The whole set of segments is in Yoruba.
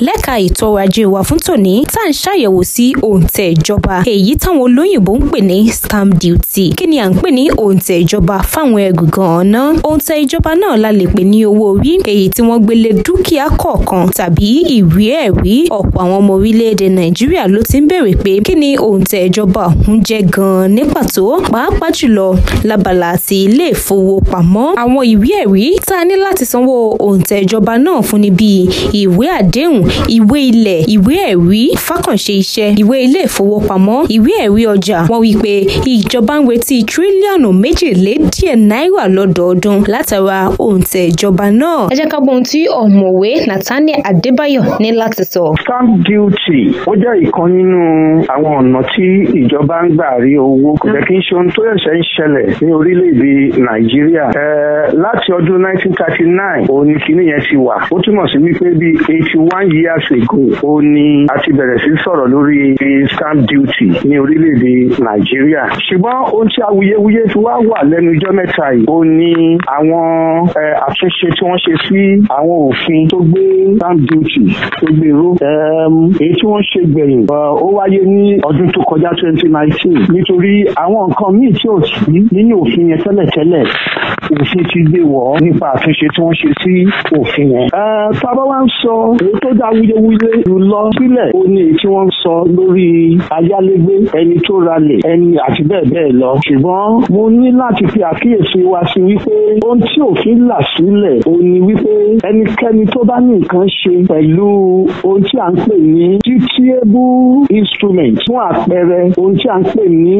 lẹ́ka ètò ọrọ̀ ajé wa fún tòní tá à ń ṣàyẹ̀wò sí òǹtẹ̀ ìjọba èyí táwọn olóyìnbó ń pè ní stamp duty kí ni à ń pè ní òǹtẹ̀ ìjọba fáwọn ẹrù gan-an náà òǹtẹ̀ ìjọba náà la lè pè ní owó orí èyí tí wọ́n gbélé dúkìá kọ̀ọ̀kan tàbí ìwé ẹ̀rí ọ̀pọ̀ àwọn ọmọ orílẹ̀-èdè nàìjíríà ló ti ń béèrè pé kí ni òǹtẹ̀ ìjọba ọ̀hún jẹ́ gan-an ní pàtó pàápàá jùlọ lábala àti ilé ìfowópamọ́ àwọn ìwé ẹ̀rí tá a ní láti sanwó òǹtẹ̀ ìjọba náà fún ni bíi ìwé àdéhùn ìwé ilẹ̀ ìwé ẹ̀rí fákànṣe iṣẹ́ ìwé ilé ìfowópamọ́ ìwé ẹ̀rí ọjà wọ́n wí pé ìjọba ń retí tírílíọ̀nù méjìlédíẹ̀ náírà lọ́dọọdún látara òǹtẹ̀ ìjọba náà. ẹ jẹ́ ká gbọ́ ohun tí ọ̀mọ̀wé Nathaniel Adébáyọ̀ ní láti sọ. stamp duty ó jẹ́ ìkan nínú àwọn ọ̀nà tí ìjọba ń gbà rí owó kò jẹ́ kí n ṣe ohun tó yẹ̀ṣẹ̀ ń ṣẹlẹ̀ ní orílẹ̀-èdè Nàìjíríà láti ọdún 1939 òun ni kinní yẹn ti wà ó túmọ̀ sí wípé bíi eighty one years ago ó ní a ti bẹ̀rẹ̀ sí sọ̀rọ̀ lórí stamp duty ní orílẹ̀-èdè nàìjíríà ṣùgbọ́n ohun tí awuyewuye ti wá wà lẹ́nu ijọ́ mẹ́ta yìí ó ní àwọn àtúnṣe tí wọ́n ṣe sí àwọn òfin tó gbé stamp duty tó gbé ró èyí tí wọ́n ṣe gbẹ̀yìn ó wáyé ní ọdún tó kọjá twenty nineteen nítorí àwọn nǹkan míì tí ò sí nínú òfin yẹn tẹ́lẹ̀tẹ́lẹ̀ òfin ti gbé wọ̀ nípa àtúnṣe tí wọ́n ṣe sí òfin yẹn. tábà wá ń sọ èyí tó d dá wúyéwúyé lọ sílẹ̀ ó ní tí wọ́n sọ lórí ayálégbé ẹni tó ralẹ̀ ẹni àti bẹ́ẹ̀ bẹ́ẹ̀ lọ ṣùgbọ́n mo ní láti fi àkíyèsí wa sí wípé ohun tí òfin là sílẹ̀ ó ní wípé ẹnikẹ́ni tó bá ní nǹkan ṣe pẹ̀lú ohun tí à ń pè ní dutiable instrument fún àpẹẹrẹ ohun tí à ń pè ní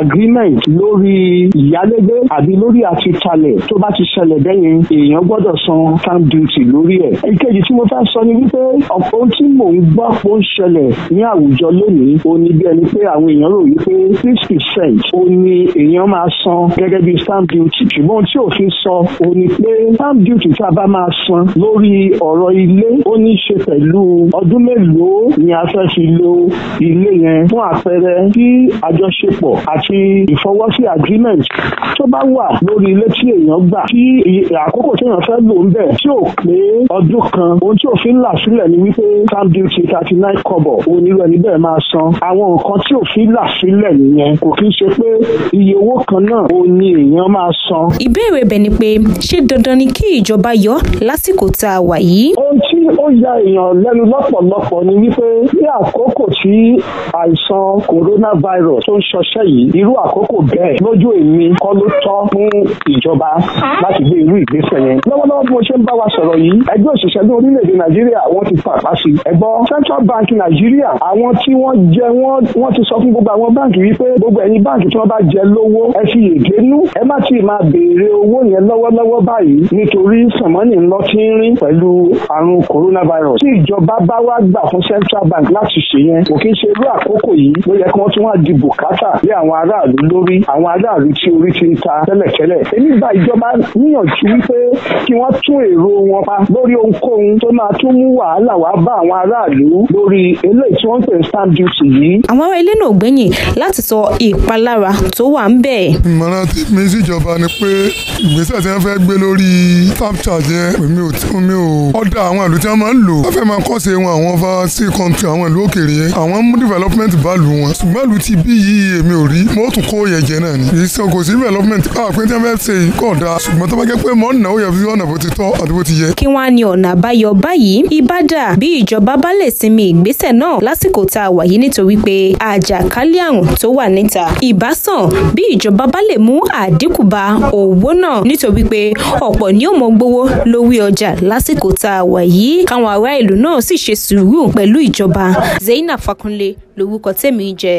agreement lórí ìyálégbé àbí lórí àtitalẹ̀ tó bá ti ṣẹlẹ̀ bẹ́yẹn èèyàn gbọ́dọ̀ san stamp duty lórí ẹ̀. ìkejì tí mo fẹ́ sọ sọ ni wípé ọ̀pọ̀ tí mò ń gbọ́ pé ó ń ṣẹlẹ̀ ní àwùjọ lónìí ó ní bí ẹni pé àwọn èèyàn rò wípé six percent ó ní èèyàn máa san gẹ́gẹ́ bí stamp duty ṣùgbọ́n tí òfin sọ ó ní pé stamp duty tá a bá máa san lórí ọ̀rọ̀ ilé ó ní ṣe pẹ̀lú ọdún mélòó ni a fẹ́ fi lo ilé yẹn fún àpẹẹrẹ kí àjọṣepọ̀ àti ìfọwọ́sí agreement tó bá wà lórí ilé tí èèyàn gbà kí àkókò tí èèyàn fẹ́ lò ń bẹ̀ tí ò pé ọdún kan ohun tí òfin òfin là sílẹ̀ ni wípé stamp duty thirty nine kọ́bọ̀ onírú ẹni bẹ́ẹ̀ máa san àwọn nǹkan tí òfin là sílẹ̀ nìyẹn kò kí ń ṣe pé iye owó kan náà ò ní èèyàn máa san. ìbéèrè bẹ̀ ni pé ṣé dandan ni kí ìjọba yọ lásìkò tá a wà yìí. ó ń t ya èèyàn lẹ́nu lọ́pọ̀lọpọ̀ ni wípé ní àkókò tí àìsàn coronavirus tó ń ṣọṣẹ́ yìí irú àkókò bẹ́ẹ̀ lójú èmi kọ́ ló tọ́ fún ìjọba láti gbé irú ìgbésẹ̀ yẹn. lọ́wọ́lọ́wọ́ bí mo ṣe ń bá wa sọ̀rọ̀ yìí ẹgbẹ́ òṣìṣẹ́ ní orílẹ̀-èdè nàìjíríà wọ́n ti fà pa sí. ẹ̀gbọ́ central bank nàìjíríà àwọn tí wọ́n jẹ wọ́n ti sọ fún gbogbo àwọn báǹkì wípé gbogbo ẹ̀yin báǹkì tí wọ́n bá jẹ lówó ẹ fi ègénú ẹ má ti máa béèrè owó yẹn lọ́wọ́lọ́wọ́ báyìí nítorí sànmọ́nì ń corona coronavirus tí ìjọba bá wá gbà fún central bank láti ṣe yẹn kò kí ń ṣe irú àkókò yìí ló yẹ kí wọ́n tún wá di bùkátà lé àwọn aráàlú lórí àwọn aráàlú tí orí ti ń ta tẹ́lẹ̀tẹ́lẹ̀ èmi gba ìjọba níyànjú wípé kí wọ́n tún èrò wọn pa lórí ohunkóhun tó máa tún mú wàhálà wá bá àwọn aráàlú lórí eléyìí tí wọ́n ń pè ní stamp duty yìí. àwọn ará ilé náà gbẹ̀yìn láti sọ ìpalára tó wà ń bẹ̀. ìmọ̀ràn mi síjọba ni pé ìgbésẹ̀ tí wọ́n fẹ́ gbé lórí stamp charge yẹn mi ò mi ò ọ̀dà àwọn ìlú máa ń lò wọ́n fẹ́ máa kọ́sẹ̀ wọn àwọn fa sí kọ́ńtì àwọn ìlú òkèèrè yẹn àwọn mú development bá lù wọn ṣùgbọ́n ìlú ti bí yìí èmi ò rí mo tún kó yẹn jẹ náà ni kì í sọ kò sí development àpé ah, tí wọ́n fẹ́ ṣe kọ̀ da ṣùgbọ́n tó bá jẹ́ pé mọ́ ọ̀nà ó yẹ fi ọ̀nà bó ti tọ́ àti bó ti yẹ. kí wọ́n á ní ọ̀nà àbáyọ báyìí ìbádà bí ìjọba bá lè sinmi ìgbésẹ̀ náà lásìkò tá a wà yìí nítorí pé àjàkálẹ̀ àrùn tó wà níta ìbásàn bí ìjọba bá lè mú àdínkù bá owó náà nítorí pé ọ̀pọ̀ ni ó mọ gbowó lórí ọjà lásìkò tá a wà yìí káwọn ará ìlú náà sì ṣe sùúrù pẹ̀lú ìjọba Zainab Fakunle lórúkọ tèmi jẹ́.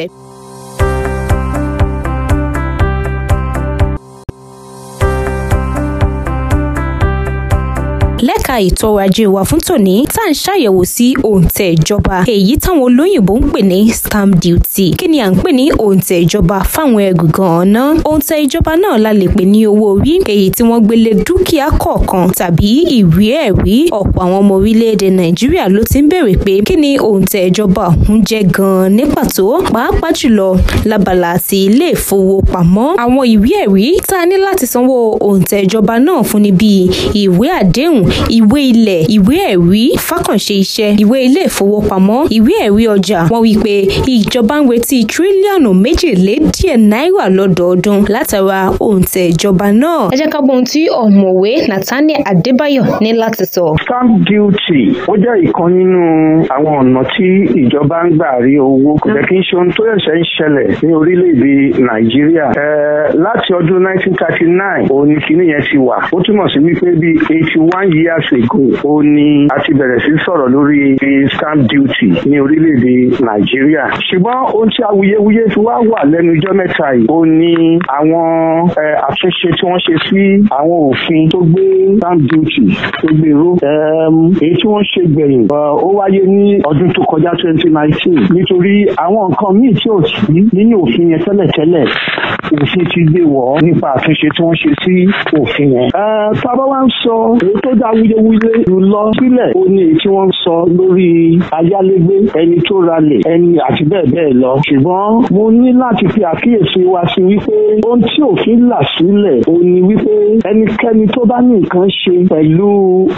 lẹ́ka ètò ọrọ̀ ajé wa fún tòní tá à ń ṣàyẹ̀wò sí òǹtẹ̀ ìjọba èyí táwọn olóyìnbó ń pè ní stamp duty kí ni à ń pè ní òǹtẹ̀ ìjọba fáwọn ẹrù gan-an ná òǹtẹ̀ ìjọba náà la lè pè ní owó orí èyí tí wọ́n gbélé dúkìá kọ̀ọ̀kan tàbí ìwé ẹ̀rí ọ̀pọ̀ àwọn ọmọ orílẹ̀-èdè nàìjíríà ló ti ń béèrè pé kí ni òǹtẹ̀ ìjọba ọ̀hún jẹ́ gan-an ní pàtó pàápàá jùlọ lábala àti ilé ìfowópamọ́ àwọn ìwé ẹ̀rí tá a ní láti sanwó òǹtẹ̀ ìjọba náà fún ni bíi ìwé àdéhùn ìwé ilẹ̀ ìwé ẹ̀rí fákànṣe iṣẹ́ ìwé ilé ìfowópamọ́ ìwé ẹ̀rí ọjà wọ́n wí pé ìjọba ń retí tírílíọ̀nù méjìlé náírà lọ́dọọdún látara òǹtẹ̀ ìjọba náà ẹ jẹ́ ká gbọ́ tí ọ̀mọ̀wé Nathaniel Adébáyọ̀ ní láti sọ. stamp duty ó jẹ́ ìkan nínú àwọn ọ̀nà tí ìjọba ń gbà rí owó kò jẹ́ kí n ṣe ohun tó ṣẹ̀ṣẹ̀ ń ṣẹlẹ̀ ní orílẹ̀-èdè Nàìjíríà láti ọdún 1939 òun ni kinní yẹn ti wà ó túmọ̀ sí wípé bíi eighty one years ago ó ní a ti bẹ̀rẹ̀ sí sọ̀rọ̀ lórí stamp duty ní orílẹ̀-èdè nàìjíríà ṣùgbọ́n ohun tí awuyewuye ti wá wà lẹ́nu ijọ́ mẹ́ta yìí ó ní àwọn àtúnṣe tí wọ́n ṣe sí àwọn òfin tó gbé stamp duty tó gbé ró èyí tí wọ́n ṣe gbẹ̀yìn ó wáyé ní ọdún tó kọjá twenty nineteen nítorí àwọn nǹkan míì tí ò sí nínú òfin yẹn tẹ́lẹ̀tẹ́lẹ̀ òfin ti gbé wọ̀ nípa àtúnṣe tí wọ́n ṣe sí òfin yẹn. tá a bá wá ń sọ èyí tó gbogbo awuyewuye lọ sílẹ̀ ó ní tí wọ́n ń sọ lórí ayálégbé ẹni tó ralẹ̀ ẹni àti bẹ́ẹ̀ bẹ́ẹ̀ lọ ṣùgbọ́n mo ní láti fi àkíyèsí wa sí wípé ohun tí òfin là sílẹ̀ ó ní wípé ẹnikẹ́ni tó bá ní nǹkan ṣe pẹ̀lú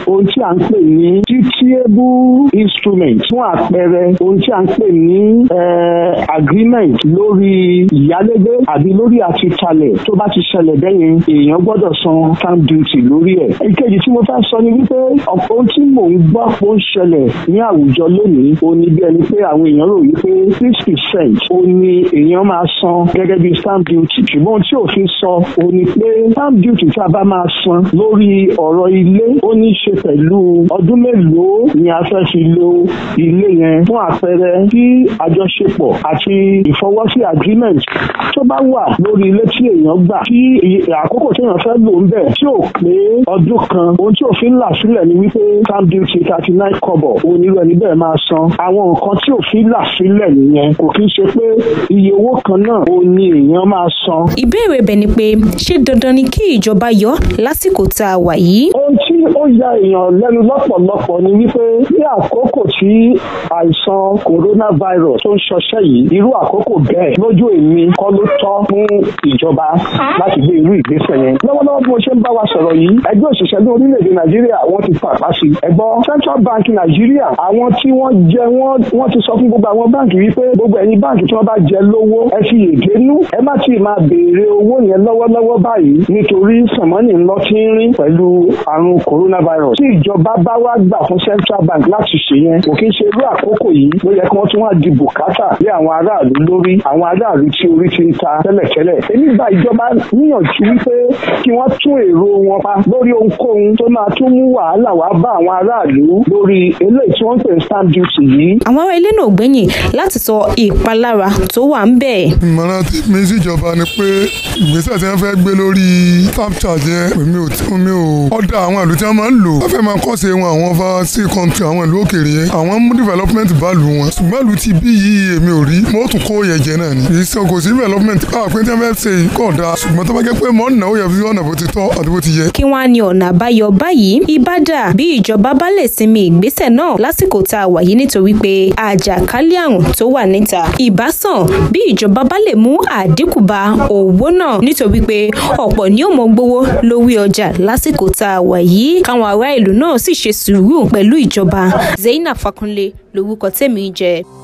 ohun tí à ń pè ní dutiable instrument fún àpẹẹrẹ ohun tí à ń pè ní eh, agreement lórí ìyálégbé àbí lórí àtitalẹ̀ tó bá ti ṣẹlẹ̀ bẹ́yẹn èèyàn gbọ́dọ̀ san stamp duty lórí ẹ̀. ìkejì tí mo fẹ́ sọ sọ ni wípé ọ̀pọ̀ tí mò ń gbọ́ pé ó ń ṣẹlẹ̀ ní àwùjọ lónìí ó ní bí ẹni pé àwọn èèyàn rò wípé six percent ó ní èèyàn máa san gẹ́gẹ́ bí stamp duty ṣùgbọ́n tí òfin sọ ó ní pé stamp duty tá a bá máa san lórí ọ̀rọ̀ ilé ó ní ṣe pẹ̀lú ọdún mélòó ni a fẹ́ fi lo ilé yẹn fún àpẹẹrẹ kí àjọṣepọ̀ àti ìfọwọ́sí agreement tó bá wà lórí ilé tí èèyàn gbà kí àkókò tí èèyàn fẹ́ lò ń bẹ̀ tí ò pé ọdún kan ohun tí òfin ṣe ń là sílẹ̀ ni wípé stamp duty thirty nine kọ́bọ̀ òun nílò ẹni bẹ́ẹ̀ máa san àwọn nǹkan tí òfin là sílẹ̀ nìyẹn kò kí ń ṣe pé iye owó kan náà òun ni èèyàn máa san. ìbéèrè bẹ̀ ni pé ṣé dandan ni kí ìjọba yọ lásìkò tá a wà yìí. ó ń ó ya èèyàn lẹ́nu lọ́pọ̀lọpọ̀ ni wípé ní àkókò tí àìsàn coronavirus tó ń ṣọṣẹ́ yìí irú àkókò bẹ́ẹ̀ lójú èmi kọ́ ló tọ́ fún ìjọba láti gbé irú ìgbésẹ̀ yẹn. lọ́wọ́lọ́wọ́ bí mo ṣe ń bá wa sọ̀rọ̀ yìí ẹgbẹ́ òṣìṣẹ́ ní orílẹ̀-èdè nàìjíríà wọ́n ti fà pa sí. ẹ̀gbọ́n central bank nàìjíríà àwọn tí wọ́n jẹ wọ́n ti sọ fún gbogbo àwọn báǹkì wípé gbogbo ẹ̀yin báǹkì tí wọ́n bá jẹ lówó ẹ fi ègénú ẹ má ti máa béèrè owó yẹn lọ́wọ́lọ́wọ́ báyìí nítorí sànmọ́nì ńlọ ti ń rìn pẹ̀lú àrùn kò coronavirus tí ìjọba bá wá gbà fún central bank láti ṣe yẹn kò kí ń ṣe irú àkókò yìí ló yẹ kí wọ́n tún wá di bùkátà lé àwọn aráàlú lórí àwọn aráàlú tí orí ti ń ta tẹ́lẹ̀tẹ́lẹ̀ èmi gba ìjọba níyànjú wípé kí wọ́n tún èrò wọn pa lórí ohunkóhun tó máa tún mú wàhálà wá bá àwọn aráàlú lórí eléyìí tí wọ́n ń pè ní stamp duty yìí. àwọn ará ilé náà gbẹ̀yìn láti sọ ìpalára tó wà ń bẹ̀. ìmọ̀ràn tí mi síjọba ni pé ìgbésẹ̀ tí wọ́n fẹ́ gbé lórí stamp charge yẹn mi ò mi ò ọ̀dà àwọn ìlú tí wọ́n máa ń lò wọ́n fẹ́ máa kọ́sẹ̀ wọn àwọn fa sí kọ́ńtì àwọn ìlú òkèèrè yẹn àwọn mú development bá lù wọn ṣùgbọ́n ìlú ti bí yìí èmi ò rí mo tún kó yẹn jẹ náà ni ìṣe kò sí development káà pé tí fẹ́ ṣe kọ̀ da ṣùgbọ́n tó bá jẹ́ pé mọ́ ọ̀nà ó yẹ ọ̀nà bó ti tọ́ àti bó ti yẹ. kí wọ́n á ní ọ̀nà àbáyọ báyìí ìbádà bí ìjọba bá lè sinmi ìgbésẹ̀ náà lásìkò tá a wà yìí nítorí pé àjàkálẹ̀ àrùn tó wà níta ìbásàn bí ìjọba bá lè mú àdínkù bá owó náà nítorí pé ọ̀pọ̀ ni ó mọ gbowó lórí ọjà lásìkò tá a wà yìí káwọn ará ìlú náà sì ṣe sùúrù pẹ̀lú ìjọba Zainab Fakunle lórúkọ tèmi jẹ́.